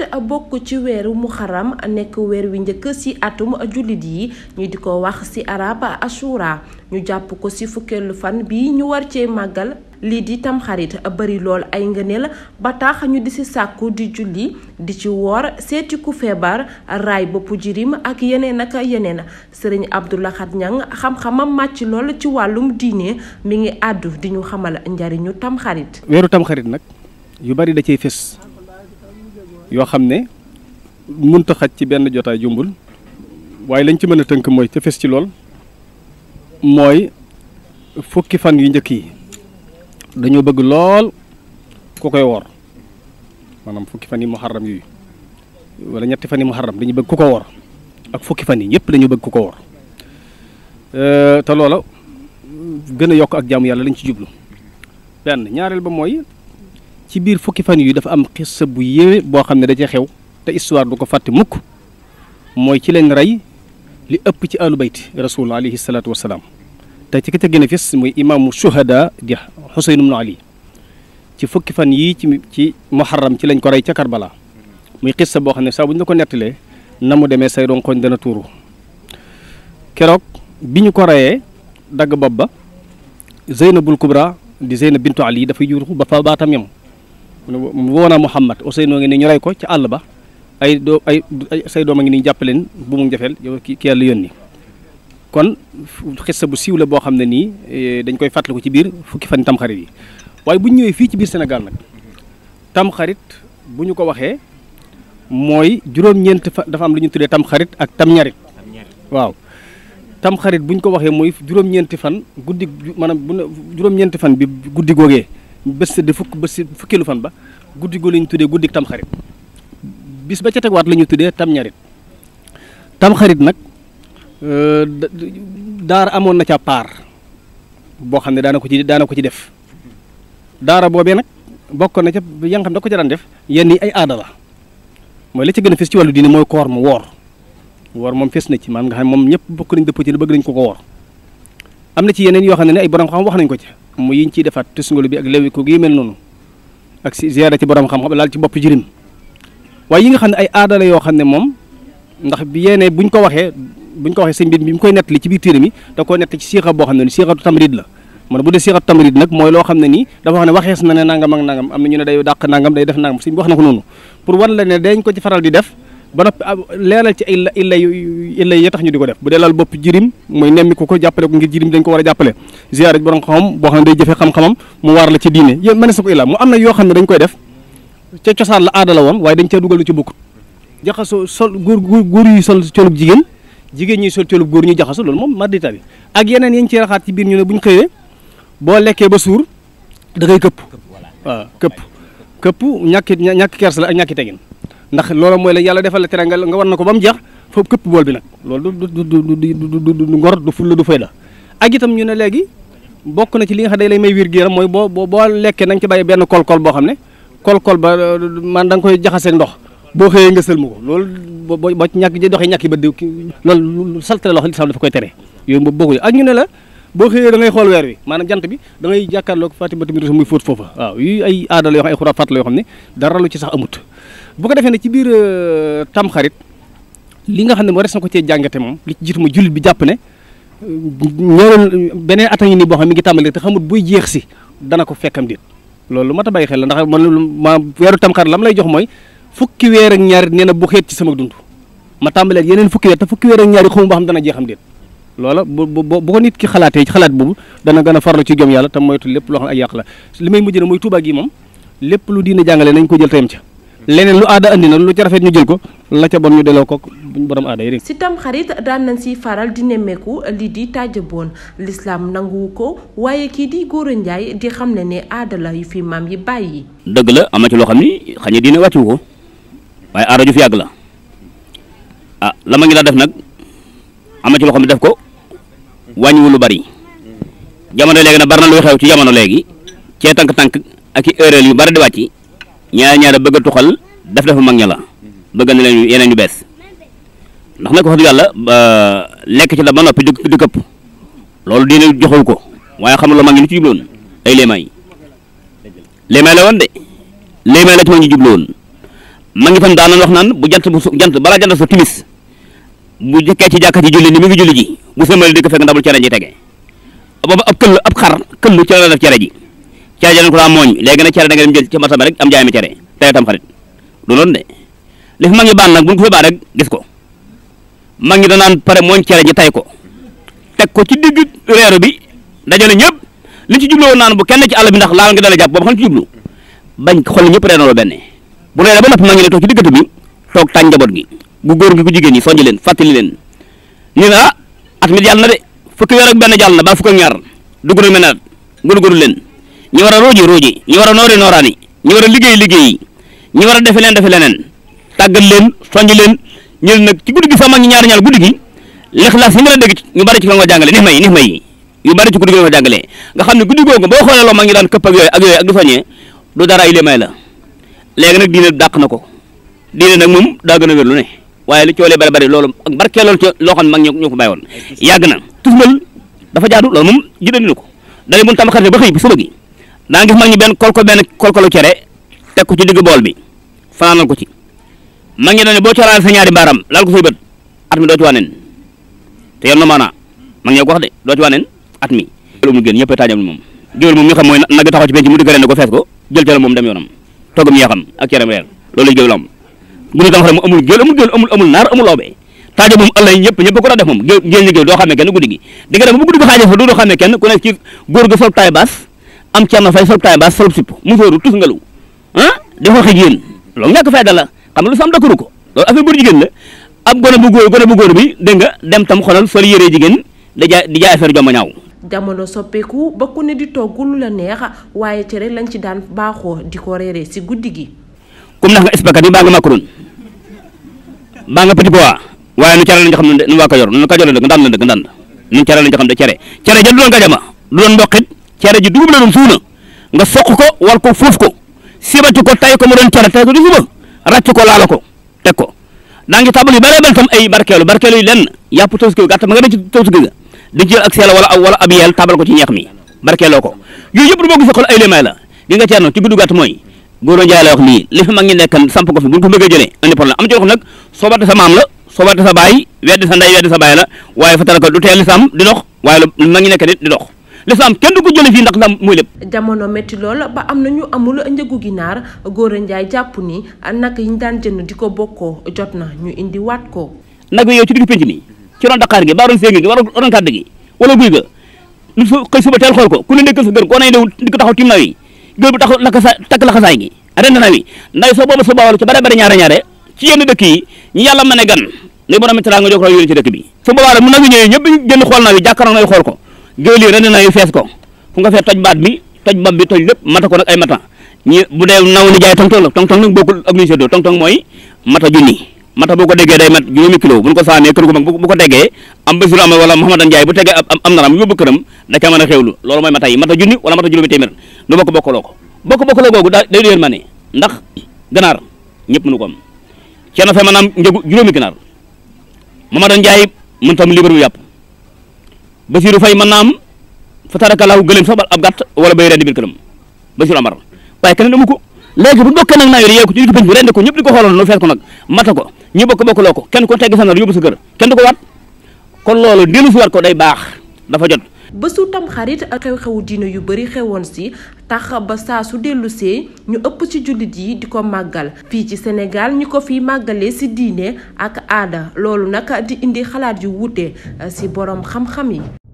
it bokk ci weeru muharram nekk weer wi njëkk si atum jullit yi ñu di ko wax si arab ashura ñu jàpp ko si fukkeelu fan bi ñu war cee màggal lii di tamxarit bari lool ay ngëneel ba tax ñu di si sàkku di julli di ci woor seeti ku feebar raay boppu jirim ak yeneen ak yeneen sëriñ Abdou Lahad Niang xam-xamam màcc lool ci wàllum diine mi ngi àddu di ñu xamal njariñu tamxarit. weeru tamxarit nag yu bari da cay fés yoo xam ne mënut xaj ci benn jotaay jumbul waaye lañ ci mën a tënk mooy te fes ci lool mooy fukki fan yu njëkk yi dañoo bëgg lool ku koy wor maanaam fukki fan yi muharram yooyu wala ñetti fan yi muharram dañu bëgg ku ko wor ak fukki fan yi ñëpp dañu bëgg ku ko wor euh, te loola gën a yokk ak jaamu yàlla lañ ci jublu benn ñaareel ba mooy ci biir fukki fan yu dafa am xissa bu yéwe boo xam ne da ca xew te histoire du ko fàtte mukk mooy ci lañ rey li ëpp ci alu bayt rasulullah salaatu wasalaam te ci ki ca gën a fis muy imaamu shuhada di xuseyn ibnu ali ci fukki fan yii ci ci muharram ci lañ ko rey ca balaa muy xissa boo xam ne saa bu ñu la ko nettalee na mu demee say ronkoñ dana tuuru keroog bi ñu ko reyee dagg bopp ba zeynabul kubra di zeynab bintu ali dafay yuuru ba fa baatam yam woo na Mouhamad Ousseynou ngi ni ñu rey ko ci àll ba ay doo ay say doom a ngi ni jàppaleen bu mu jafeel yow ki yàlla yónni kon xissa bu siiw la boo xam ne nii eh, dañ koy fàttaliku ci biir fukki fan tamxarit yi waaye bu ñu ñëwee fii ci biir Sénégal nag tamxarit bu ñu ko waxee mooy juróom-ñeent fa dafa am lu ñu tuddee tamxarit ak tamñarit waaw tamxarit bu ñu ko waxee mooy juróom-ñeenti fan guddi maanaam fan bi guddi googee bés sedd fukk bés fukkeelu fan ba guddi gu la ñu tuddee guddik tam xarit bis ba ca tegaat la ñu tuddee tam ñarit tam xarit nag euh, daara amoon na ca paar boo xam ne daana ko ci daana ko ci def daara boobee nag bokkoon na ca ya nga xam da ko ca daan def yenn yi ay aadala la mooy la ca gën a fes ci wàllu diine mooy koor mu woor woor moom fes na ci man nga xam moom ñëpp bokk nañ dëpp ci ne bëgg nañ ko ko woor am na ci yeneen yoo xam ne ay borom xam wax nañ ko ci mu yiñ ciy defaat tusngalu bi ak lewiku gi mel noonu ak si ziyaara ci borom xam-xam laal ci bopp jirim waaye yi nga xam ne ay aada yoo xam ne moom ndax bi yéene buñ ko waxee buñ ko waxee sëñ bi bi mu koy nettali ci biir téere mi da koo nettali ci siixa boo xam ne ni siixatu tamrid la man bu dee siixatu tamrid nag mooy loo xam ne nii dafa wax ne waxees na ne nangam ak nangam am na ñu ne day dàq nangam day def nangam sëñ bi wax na ko noonu pour wan la ne dañ ko ci faral di def ba noppi ah, leeral ci ay illa illa ya tax ñu di ko def bu dee lal bopp jirim mooy nemmi ko ko jàppale ko ngir jirim dañ ko war a jàppale ziyaare borom xam-xam boo xam ne day jëfee xam-xamam la ci diine yéen mënees na ko am na yoo xam ne dañ koy def ca cosaan la aada woon waaye dañ cee dugal lu ci bokkut jaxasoo sol góor góor yi sol colub jigéen jigéen ñi sol colub góor ñi jaxaso loolu moom mardita bi ak yeneen yañ ci raxaat ci biir ñu ne bu ñu xëyee boo lekkee ba suur da ngay këpp waaw këpp këpp ñàkki ñàkki kersa la ak ñàkki tegin ndax loolu mooy la yàlla defal la teranga nga war na ko ba mu jeex foofu këpp bool bi nag loolu du du du du du ngor du fulla du fayda ak itam ñu ne léegi bokk na ci li nga xam day may wér gu yaram mooy boo boo lekkee na nga ci bàyyi benn kolkol boo xam ne kolkol ba man da nga koy jaxasee ndox boo xëyee nga sëlmu ko loolu boo boo ci ñàkk ji doxee ñàkk ba diw loolu saltale loo xam lislaam dafa koy tere yooyu ak ñu ne la boo xëyee da ngay xool weer wi maanaam jant bi da ngay jàkkaarloog Fatimatu muy fóot foofa waaw yi yoo xam ay xuraafaat la yoo dara lu ci sax amut bu ko defee na ci biir euh, tamxarit li nga xam ne warees na ko cee jàngate moom li ci jiitu ma jullit bi jàpp ne euh, ñëwal beneen at a ngi boo xam mi ngi tàmbali te xamut buy jeex si dana ko fekkam déet loolu lu mat a bàyyi xel la ndax man ma weeru tamxarit lam lay jox mooy fukki weer ak ñaar na bu xeet ci sama dund ma tàmbalee yeneen fukki weer te fukki weer ak ñaari yi xamu ba xam dana jeexam déet loola bu bu ko nit ki xalaatee ci xalaat boobu dana gën a farlu ci gëm yàlla te moytu lépp loo xam ay yàq la li may mujj na mooy Tuubaa gi moom lépp lu diina jàngale nañ ko jël tayam ca leneen lu aada andi na lu ca rafet ñu jël ko la ca bon ñu delloo ko borom aada yi rek. si tam xarit daan nañ si faral di nemmeeku lii di tàjjaboon lislaam nanguwu ko waaye kii di Gora Ndiaye di xam ne ne aada la yu fi maam yi bàyyi. dëgg la am na loo xam ni xañe diine wàccu ko waaye aada ju fi ah, la ma ngi la def nag am na ci xam def ko wàññiwu lu bari jamono léegi nag bari na lu xew ci jamono léegi cee tànk-tànk ak i erreur yu bari di wàcc. ñaar ñaar bëgg a tuxal daf dafa mag ña la bëgg na leen yeneen yu bees ndax nag wax dëgg yàlla lekk ci la ba noppi di di këpp loolu diine joxewu ko waaye xam nga mag ñi lu ci jubloon ay léemaay léemaay la woon de léemaay la ci mag ñi jubloon ma ngi tam daan wax naan bu jant bu jant balaa jant sa timis bu jëkkee ci jàkka ji julli ni mi ngi julli ji bu sëmali di ko fekk ndabul cere ji tege booba ab këll ab xar këll cere la def cere ji cere jëleen ko daa mooñ léegi na cere da nga dem jël ci marché ba rek am jaay mi cere tey tam xarit du loolu de li fi mag ñi baan nag bu ñu ko rek gis ko mag ñi danaan pare mooñ cere ji tay ko teg ko ci digg reeru bi dajale ñëpp li ci jubloo naan bu kenn ci àll bi ndax laal nga dala jàpp boobu xam ci jublu bañ xool ñëpp reeraloo benn bu reere ba nopp mag ñi ne toog ci diggante bi toog tàñ njaboot gi bu góor gi bu jigéen ñi soññ leen fàttali leen ñu ne ah, at mi jàll na de fukki weer ak benn jàll na ba ñaar dugg na menat ñi war a ruuji ruuji ñi war a noori nooraani ñi war liggéey liggéey ñi war a defe leen defe leneen tàggat leen soññ leen ñu ne nag ci guddi gi sama ñaar ñaar guddi gi lixlaas yi nga la dégg ñu bari ci ko nga jàngale nix may nix may yu bari ci guddi gi nga jàngale nga xam ne guddi googu boo xoolee loo mag ñi daan këpp ak yooyu ak yooyu ak du soññee du dara ay limay la léegi nag diine dàq na ko diine nag moom daa gën lu ne waaye li coolee bari bari loolu ak barkee loolu ci loo xam ne mag ñoo ko bàyyi woon yàgg na tusmal dafa jaadu loolu moom jidani ko dale mun tamaxarte ba xëy bi suba gi daa gis mag benn kol ko benn kol ko lu cere teg ko ci bool bi fanaanal ko ci mag ñi dañu boo coraale sa ñaari mbaaram laal ko say at mi doo waneen te yoon na maanaa mag ñi ko wax de doo ci waneen at mi lu mu génn ñëpp taajam moom géwél xam mooy nag taxaw ci penc mu di gërëm ne ko fees ko jël cere moom dem yoonam toggam ñi xam ak cereem reer loolu géwél am bu ñu amul géwél amul géwél amul naar amul loobe moom ëllëg ñëpp ñëpp ko doon def moom gi di nga gi xaajee doo xamee kenn ku nekk ci góor gu baas am Thierno Faye solub taay ba solub sipp mu sóoru tus ngelaw ah di xooxe jigéen loolu ñàkk fayda la xam nga lu sam dakkaru ko loolu affaire bu jigéen la ab gone bu góor gone bu góor bi dégg nga dem tam xolal sol yére jigéen di jaay di jaay affaire jomba ñaaw jamono soppeeku bokk ne di togg lu la neex waaye cere lañ ci daan baaxoo di ko reeree si guddi gi comme nax nga spaghetti baa nga macaron baa nga petit pois waaye nu cere lañ xam ne nu waa Kajoor nu Kajoor la nu cere ji dugub la doon suuna nga soq ko wal ko fuuf ko sibati ko tay ko mu doon cere tay ko di suba ko laala ko teg ko daa ngi tabal yu bëree bëri tam ay barkeelu barkeelu yi lenn yàpp taws gi gàtt ma nga dem tabal ko ci ñeex mi barkeeloo ko yooyu yëpp du boo gisee xool ay léemaay la gi nga ceerno ci gudd gàtt mooy góor njaay la wax lii li fi mag ñi nekkan samp ko fi buñ ko bëggee jëlee andi am ci wax nag soobate sa maam la soobate sa baay weddi sa ndey weddi sa baay la waaye fa tara ko du teel sam di dox waaye lu mag ñi nekk lislaam kenn du ko jële fii ndax lislaam mooy lépp jamono métti lool ba am na ñu amul njëgu ginaar Gora Ndiaye jàpp ni nag yi ñu daan jënd di ko bokkoo jot na ñu indi waat ko nag yow ci digg pénc gi baa ron séengi gi baa ron kàdd gi wala guy ga lu xëy suba teel xool ko ku ne nekk sa gër ko yi gër ci bare bare ñaare ñaare ci yenn dëkk yi ñu yàlla mën a gan ngay borom mi teraanga jokk raw yónni ci dëkk bi su boobaa mu nag ñëwee ñëpp jënd xool naw yi jàkkaarloo yi xool ko géwél yi rene na yu fees ko fu a fee toj baat bi toj bopp bi toj lépp mata ko nag ay mata ñi bu dee naw ni jaay tong-tong la tong-tong nag bokkul ak luñu séddoo tong-tong mooy mata junni mata boo ko degee day mat juróomi kilo bu ñu ko saamee kër gu mag bu ko déggee am basiru am wala Mouhamadan Njaay bu tegee am naram yóbbu këram da ca mën a xewlu loolu mooy mata yi mata junni wala mata juróomi téeméer du bokk bokkaloo ko bokk bokkaloo googu day déer ma ne ndax ganaar ñëpp mënu ko am cee na fee tam libar bu Basiru Fay mën naa am fa tarakalaaw gëleen fa ab gàtt wala bay rendi biir këram Basiru Amar waaye keneen amu ko léegi bu bokkee nag naa yore yeew ko ci digg penc bi ko ñëpp di ko xooloon loolu fees ko nag mata ko ñu bokk bokk loo ko kenn ko teggi sa nar yóbbu sa kër kenn du ko waat kon loolu dellu si waat ko day baax dafa jot bésu tamxarit xew-xewu diine yu bari xewoon si tax ba saa su dellusee ñu ëpp ci jullit yi di ko màggal fii ci Sénégal ñu ko fi màggalee si diine ak aada loolu nag di indi xalaat yu wuute ci borom xam-xam yi